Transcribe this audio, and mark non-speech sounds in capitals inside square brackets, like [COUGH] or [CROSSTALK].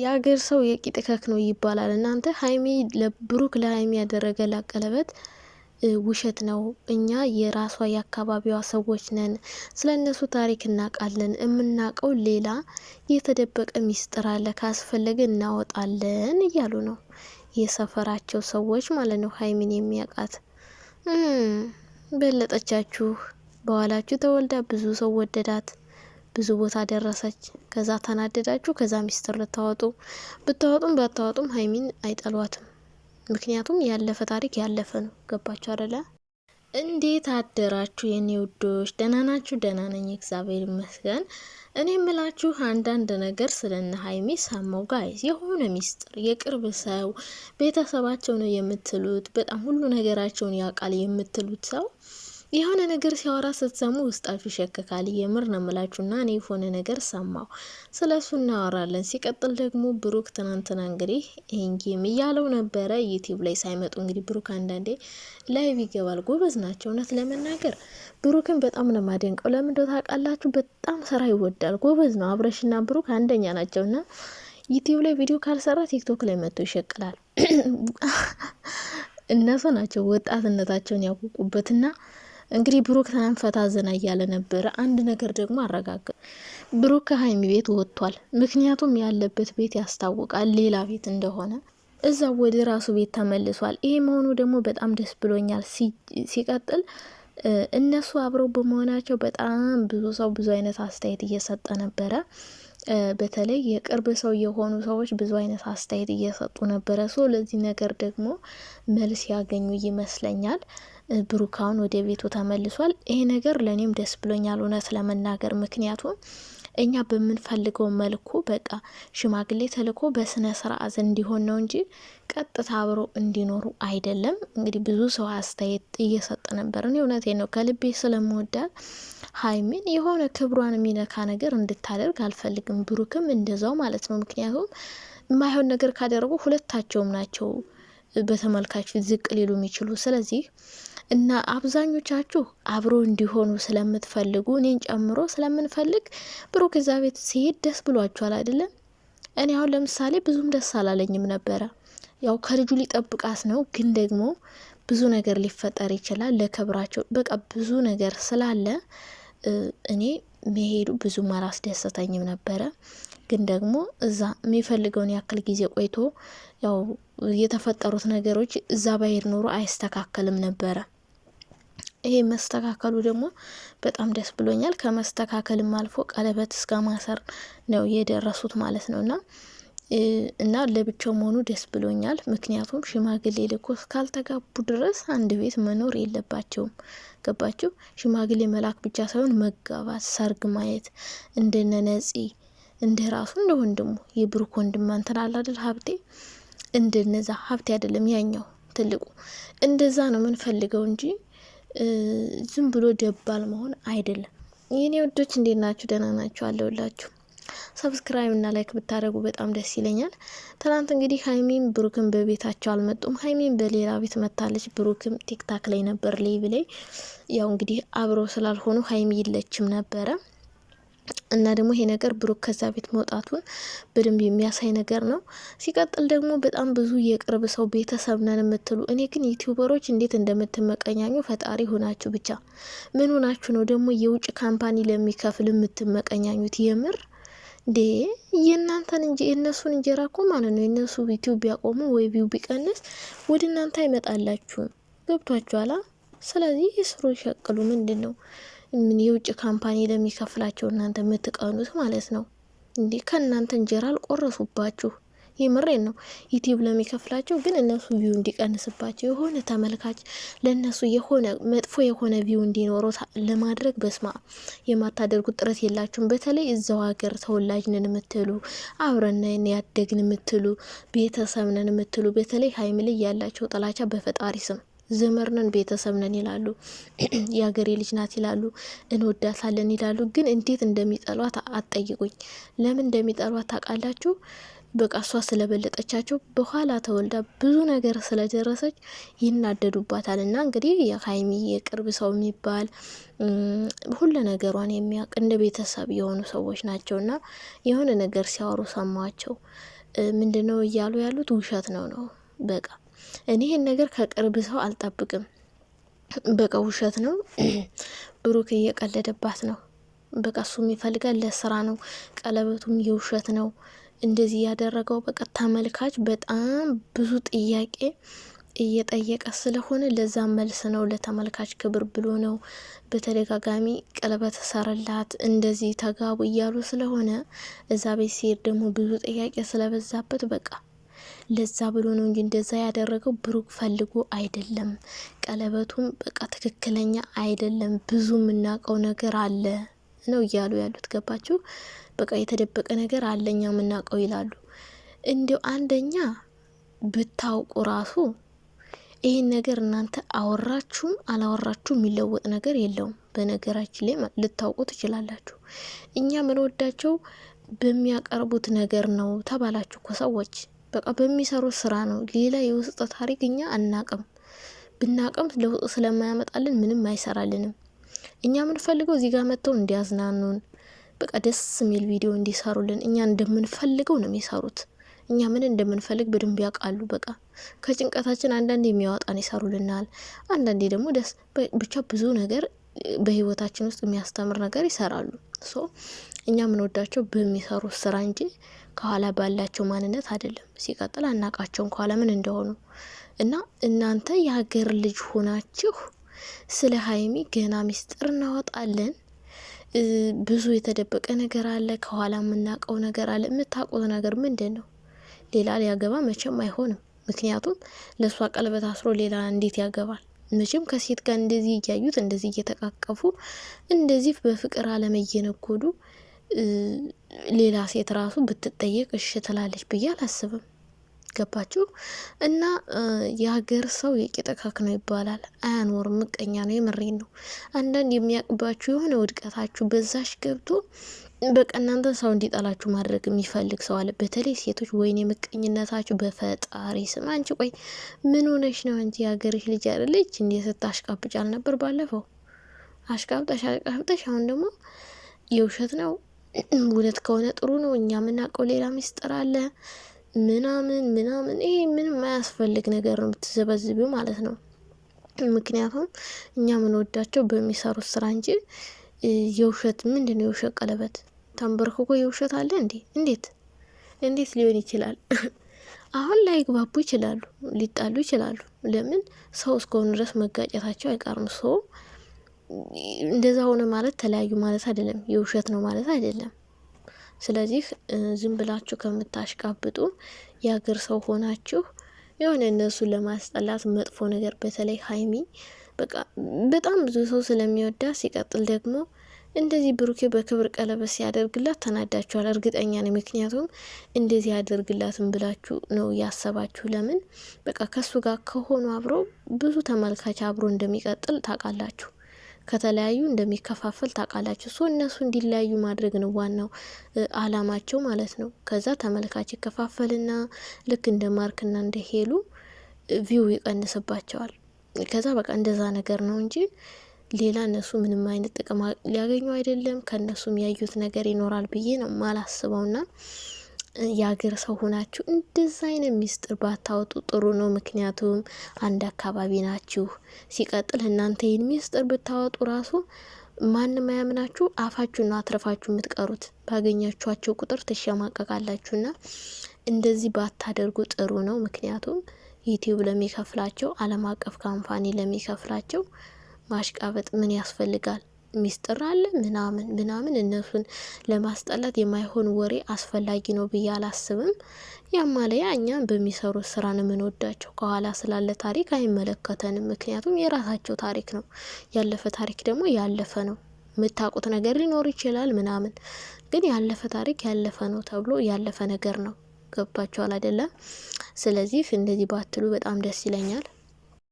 የአገር ሰው የቂጥ እከክ ነው ይባላል። እናንተ ሀይሚ ለብሩክ ለሀይሚ ያደረገ ላቀለበት ውሸት ነው። እኛ የራሷ የአካባቢዋ ሰዎች ነን፣ ስለ እነሱ ታሪክ እናውቃለን። የምናውቀው ሌላ የተደበቀ ሚስጥር አለ፣ ካስፈለገ እናወጣለን እያሉ ነው የሰፈራቸው ሰዎች ማለት ነው። ሀይሚን የሚያውቃት በለጠቻችሁ። በኋላችሁ ተወልዳ ብዙ ሰው ወደዳት። ብዙ ቦታ ደረሰች። ከዛ ተናደዳችሁ፣ ከዛ ሚስጥር ልታወጡ ብታወጡም ባታወጡም ሀይሚን አይጠሏትም። ምክንያቱም ያለፈ ታሪክ ያለፈ ነው። ገባችሁ አደለ? እንዴት አደራችሁ የኔ ውዶች? ደህና ናችሁ? ደህና ነኝ እግዚአብሔር ይመስገን። እኔ የምላችሁ አንዳንድ ነገር ስለነ ሀይሚ ሰማው ጋይዝ፣ የሆነ ሚስጥር የቅርብ ሰው ቤተሰባቸው ነው የምትሉት በጣም ሁሉ ነገራቸውን ያውቃል የምትሉት ሰው የሆነ ነገር ሲያወራ ስትሰሙ ውስጣችሁ ይሸከካል። የምር ነው የምላችሁና እኔ የሆነ ነገር ሰማው፣ ስለ እሱ እናወራለን። ሲቀጥል ደግሞ ብሩክ ትናንትና እንግዲህ ይህንጌም እያለው ነበረ ዩቲዩብ ላይ ሳይመጡ እንግዲህ ብሩክ አንዳንዴ ላይቭ ይገባል። ጎበዝ ናቸው። እውነት ለመናገር ብሩክን በጣም ነው ማደንቀው። ለምን ታውቃላችሁ፣ በጣም ስራ ይወዳል። ጎበዝ ነው። አብረሽና ብሩክ አንደኛ ናቸውና ዩቲዩብ ላይ ቪዲዮ ካልሰራ ቲክቶክ ላይ መጥቶ ይሸቅላል። [CLEARS THROAT] እነሱ ናቸው ወጣትነታቸውን ያውቁበትና እንግዲህ ብሩክ ትናንት ፈታ ዘና እያለ ነበረ። አንድ ነገር ደግሞ አረጋግጥ ብሩክ ከሀይሚ ቤት ወጥቷል። ምክንያቱም ያለበት ቤት ያስታውቃል ሌላ ቤት እንደሆነ እዛ ወደ ራሱ ቤት ተመልሷል። ይሄ መሆኑ ደግሞ በጣም ደስ ብሎኛል። ሲቀጥል እነሱ አብረው በመሆናቸው በጣም ብዙ ሰው ብዙ አይነት አስተያየት እየሰጠ ነበረ። በተለይ የቅርብ ሰው የሆኑ ሰዎች ብዙ አይነት አስተያየት እየሰጡ ነበረ። ሶ ለዚህ ነገር ደግሞ መልስ ያገኙ ይመስለኛል። ብሩካውን ወደ ቤቱ ተመልሷል። ይሄ ነገር ለእኔም ደስ ብሎኛል እውነት ለመናገር ምክንያቱም እኛ በምንፈልገው መልኩ በቃ ሽማግሌ ተልኮ በስነ ስርዓት እንዲሆን ነው እንጂ ቀጥታ አብረው እንዲኖሩ አይደለም። እንግዲህ ብዙ ሰው አስተያየት እየሰጠ ነበር። እኔ እውነቴ ነው ከልቤ ስለምወዳት ሀይሚን የሆነ ክብሯን የሚነካ ነገር እንድታደርግ አልፈልግም። ብሩክም እንደዛው ማለት ነው። ምክንያቱም የማይሆን ነገር ካደረጉ ሁለታቸውም ናቸው በተመልካች ዝቅ ሊሉ የሚችሉ ስለዚህ እና አብዛኞቻችሁ አብሮ እንዲሆኑ ስለምትፈልጉ እኔን ጨምሮ ስለምንፈልግ ብሩክ እዛ ቤት ሲሄድ ደስ ብሏችኋል አይደለም? እኔ አሁን ለምሳሌ ብዙም ደስ አላለኝም ነበረ። ያው ከልጁ ሊጠብቃት ነው፣ ግን ደግሞ ብዙ ነገር ሊፈጠር ይችላል። ለክብራቸው በቃ ብዙ ነገር ስላለ እኔ መሄዱ ብዙም አላስደሰተኝም ነበረ። ግን ደግሞ እዛ የሚፈልገውን ያክል ጊዜ ቆይቶ ያው የተፈጠሩት ነገሮች እዛ ባሄድ ኖሮ አይስተካከልም ነበረ። ይሄ መስተካከሉ ደግሞ በጣም ደስ ብሎኛል። ከመስተካከልም አልፎ ቀለበት እስከ ማሰር ነው የደረሱት ማለት ነው እና እና ለብቻው መሆኑ ደስ ብሎኛል። ምክንያቱም ሽማግሌ ልኮ እስካልተጋቡ ድረስ አንድ ቤት መኖር የለባቸውም። ገባችሁ? ሽማግሌ መላክ ብቻ ሳይሆን መጋባት፣ ሰርግ ማየት እንደነ ነፂ እንደ ራሱ እንደ ወንድሙ የብሩክ ወንድም እንትናል አይደል ሀብቴ፣ እንደነዛ ሀብቴ አይደለም ያኛው ትልቁ እንደዛ ነው የምንፈልገው እንጂ ዝም ብሎ ደባል መሆን አይደለም። የኔ ውዶች እንዴት ናችሁ? ደህና ናችሁ? አለሁላችሁ። ሰብስክራይብ እና ላይክ ብታደረጉ በጣም ደስ ይለኛል። ትናንት እንግዲህ ሀይሚም ብሩክም በቤታቸው አልመጡም። ሀይሚም በሌላ ቤት መታለች። ብሩክም ቲክታክ ላይ ነበር። ላይ ብላይ ያው እንግዲህ አብረው ስላልሆኑ ሀይሚ ይለችም ነበረ እና ደግሞ ይሄ ነገር ብሩክ ከዛ ቤት መውጣቱን በደንብ የሚያሳይ ነገር ነው። ሲቀጥል ደግሞ በጣም ብዙ የቅርብ ሰው ቤተሰብ ነን የምትሉ እኔ ግን ዩቲዩበሮች እንዴት እንደምትመቀኛኙ ፈጣሪ ሆናችሁ ብቻ ምን ሆናችሁ ነው ደግሞ የውጭ ካምፓኒ ለሚከፍል የምትመቀኛኙት? የምር እንዴ የእናንተን እንጂ የእነሱን እንጀራ እኮ ማለት ነው። የእነሱ ዩቲዩብ ቢያቆሙ ወይ ቪው ቢቀንስ ወደ እናንተ አይመጣላችሁም። ገብቷችኋላ? ስለዚህ የስሩ ይሸቅሉ ምንድን ነው የውጭ ካምፓኒ ለሚከፍላቸው እናንተ የምትቀኑት ማለት ነው። እንዴ? ከእናንተ እንጀራ አልቆረሱባችሁ። የምሬን ነው። ዩቲዩብ ለሚከፍላቸው ግን እነሱ ቪው እንዲቀንስባቸው የሆነ ተመልካች ለእነሱ የሆነ መጥፎ የሆነ ቪው እንዲኖረው ለማድረግ በስማ የማታደርጉት ጥረት የላችሁም። በተለይ እዛው ሀገር ተወላጅነን የምትሉ አብረነን ያደግን የምትሉ ቤተሰብነን የምትሉ በተለይ ሀይሚ ላይ ያላቸው ጥላቻ በፈጣሪ ስም ዘመርነን ቤተሰብነን ይላሉ። [CLEARS THROAT] የአገሬ ልጅ ናት ይላሉ። እንወዳታለን ይላሉ። ግን እንዴት እንደሚጠሏት አትጠይቁኝ። ለምን እንደሚጠሏት ታውቃላችሁ? በቃ እሷ ስለበለጠቻቸው በኋላ ተወልዳ ብዙ ነገር ስለደረሰች ይናደዱባታል። እና እንግዲህ የሀይሚ የቅርብ ሰው የሚባል ሁሉ ነገሯን የሚያውቅ እንደ ቤተሰብ የሆኑ ሰዎች ናቸው። እና የሆነ ነገር ሲያወሩ ሰማቸው። ምንድነው እያሉ ያሉት? ውሸት ነው ነው በቃ እኔ ይህን ነገር ከቅርብ ሰው አልጠብቅም። በቃ ውሸት ነው፣ [CLEARS THROAT] ብሩክ እየቀለደባት ነው። በቃ እሱም ይፈልጋል ለስራ ነው፣ ቀለበቱም የውሸት ነው። እንደዚህ ያደረገው በቃ ተመልካች በጣም ብዙ ጥያቄ እየጠየቀ ስለሆነ ለዛ መልስ ነው። ለተመልካች ክብር ብሎ ነው በተደጋጋሚ ቀለበት ሰርላት እንደዚህ ተጋቡ እያሉ ስለሆነ እዛ ቤት ሲሄድ ደግሞ ብዙ ጥያቄ ስለበዛበት በቃ ለዛ ብሎ ነው እንጂ እንደዛ ያደረገው ብሩክ ፈልጎ አይደለም። ቀለበቱም በቃ ትክክለኛ አይደለም፣ ብዙ የምናውቀው ነገር አለ ነው እያሉ ያሉት። ገባችሁ? በቃ የተደበቀ ነገር አለ እኛ የምናውቀው ይላሉ። እንዲው አንደኛ ብታውቁ ራሱ ይህን ነገር እናንተ አወራችሁም አላወራችሁ የሚለወጥ ነገር የለውም። በነገራችን ላይ ልታውቁ ትችላላችሁ። እኛ ምንወዳቸው በሚያቀርቡት ነገር ነው ተባላችሁ እኮ ሰዎች በቃ በሚሰሩት ስራ ነው። ሌላ የውስጥ ታሪክ እኛ አናቅም። ብናቅም ለውጥ ስለማያመጣልን ምንም አይሰራልንም። እኛ የምንፈልገው እዚህ ጋር መጥተው እንዲያዝናኑን፣ በቃ ደስ የሚል ቪዲዮ እንዲሰሩልን፣ እኛ እንደምንፈልገው ነው የሚሰሩት። እኛ ምን እንደምንፈልግ በደንብ ያውቃሉ። በቃ ከጭንቀታችን አንዳንድ የሚያወጣን ይሰሩልናል። አንዳንዴ ደግሞ ደስ ብቻ ብዙ ነገር በህይወታችን ውስጥ የሚያስተምር ነገር ይሰራሉ። ሶ እኛ የምንወዳቸው በሚሰሩት ስራ እንጂ ከኋላ ባላቸው ማንነት አይደለም። ሲቀጥል አናቃቸውን ከኋላ ምን እንደሆኑ እና እናንተ የሀገር ልጅ ሆናችሁ ስለ ሀይሚ ገና ሚስጥር እናወጣለን። ብዙ የተደበቀ ነገር አለ፣ ከኋላ የምናውቀው ነገር አለ። የምታውቁት ነገር ምንድን ነው? ሌላ ሊያገባ መቼም አይሆንም። ምክንያቱም ለእሷ ቀለበት አስሮ ሌላ እንዴት ያገባል? መቼም ከሴት ጋር እንደዚህ እያዩት እንደዚህ እየተቃቀፉ እንደዚህ በፍቅር እየነጎዱ ሌላ ሴት ራሱ ብትጠየቅ እሽ ትላለች ብዬ አላስብም። ገባችሁ? እና የሀገር ሰው የቂጠካክ ነው ይባላል። አያኖርም፣ ምቀኛ ነው። የምሬን ነው። አንዳንድ የሚያቅባችሁ የሆነ ውድቀታችሁ በዛሽ ገብቶ በቃ እናንተ ሰው እንዲጠላችሁ ማድረግ የሚፈልግ ሰው አለ። በተለይ ሴቶች ወይን የምቀኝነታችሁ በፈጣሪ ስም። አንቺ ቆይ ምን ሆነሽ ነው? አንቺ የሀገርሽ ልጅ አይደለች እንዴ? ስታሽቃብጭ አልነበር ባለፈው? አሽቃብጠሽ አሽቃብጠሽ፣ አሁን ደግሞ የውሸት ነው። እውነት ከሆነ ጥሩ ነው። እኛ የምናውቀው ሌላ ሚስጥር አለ ምናምን ምናምን። ይሄ ምን ማያስፈልግ ነገር ነው የምትዘበዝቢው ማለት ነው። ምክንያቱም እኛ የምንወዳቸው በሚሰሩት ስራ እንጂ የውሸት ምንድን ነው የውሸት ቀለበት ተንበርክኮ የውሸት አለ እንዴ? እንዴት እንዴት ሊሆን ይችላል? [LAUGHS] አሁን ላይ ግባቡ ይችላሉ፣ ሊጣሉ ይችላሉ። ለምን ሰው እስከሆኑ ድረስ መጋጨታቸው አይቀርም። ሰው እንደዛ ሆነ ማለት ተለያዩ ማለት አይደለም፣ የውሸት ነው ማለት አይደለም። ስለዚህ ዝም ብላችሁ ከምታሽቃብጡ የአገር ሰው ሆናችሁ የሆነ እነሱን ለማስጠላት መጥፎ ነገር በተለይ ሀይሚ በቃ በጣም ብዙ ሰው ስለሚወዳ ሲቀጥል ደግሞ እንደዚህ ብሩኬ በክብር ቀለበት ሲያደርግላት ተናዳችኋል፣ እርግጠኛ ነኝ። ምክንያቱም እንደዚህ ያደርግላትን ብላችሁ ነው እያሰባችሁ ለምን በቃ ከሱ ጋር ከሆኑ አብሮ ብዙ ተመልካች አብሮ እንደሚቀጥል ታውቃላችሁ፣ ከተለያዩ እንደሚከፋፈል ታውቃላችሁ። ሶ እነሱ እንዲለያዩ ማድረግ ነው ዋናው አላማቸው ማለት ነው። ከዛ ተመልካች ይከፋፈልና ልክ እንደ ማርክና እንደ ሄሉ ቪው ይቀንስባቸዋል። ከዛ በቃ እንደዛ ነገር ነው እንጂ ሌላ እነሱ ምንም አይነት ጥቅም ሊያገኙ አይደለም። ከእነሱም ያዩት ነገር ይኖራል ብዬ ነው ማላስበውና የአገር ሰው ሆናችሁ እንደዛ አይነት ሚስጥር ባታወጡ ጥሩ ነው። ምክንያቱም አንድ አካባቢ ናችሁ። ሲቀጥል እናንተ ይህን ሚስጥር ብታወጡ ራሱ ማንም አያምናችሁ። አፋችሁና አትረፋችሁ የምትቀሩት። ባገኛችኋቸው ቁጥር ና እንደዚህ ባታደርጉ ጥሩ ነው። ምክንያቱም ዩቲዩብ ለሚከፍላቸው ዓለም አቀፍ ካምፓኒ ለሚከፍላቸው ማሽቃበጥ ምን ያስፈልጋል? ሚስጥር አለ ምናምን ምናምን እነሱን ለማስጠላት የማይሆን ወሬ አስፈላጊ ነው ብዬ አላስብም። ያማለያ እኛም በሚሰሩት ስራ ነው የምንወዳቸው። ከኋላ ስላለ ታሪክ አይመለከተንም። ምክንያቱም የራሳቸው ታሪክ ነው። ያለፈ ታሪክ ደግሞ ያለፈ ነው። የምታውቁት ነገር ሊኖር ይችላል ምናምን፣ ግን ያለፈ ታሪክ ያለፈ ነው ተብሎ ያለፈ ነገር ነው። ገብቷቸዋል አይደለም? ስለዚህ እንደዚህ ባትሉ በጣም ደስ ይለኛል።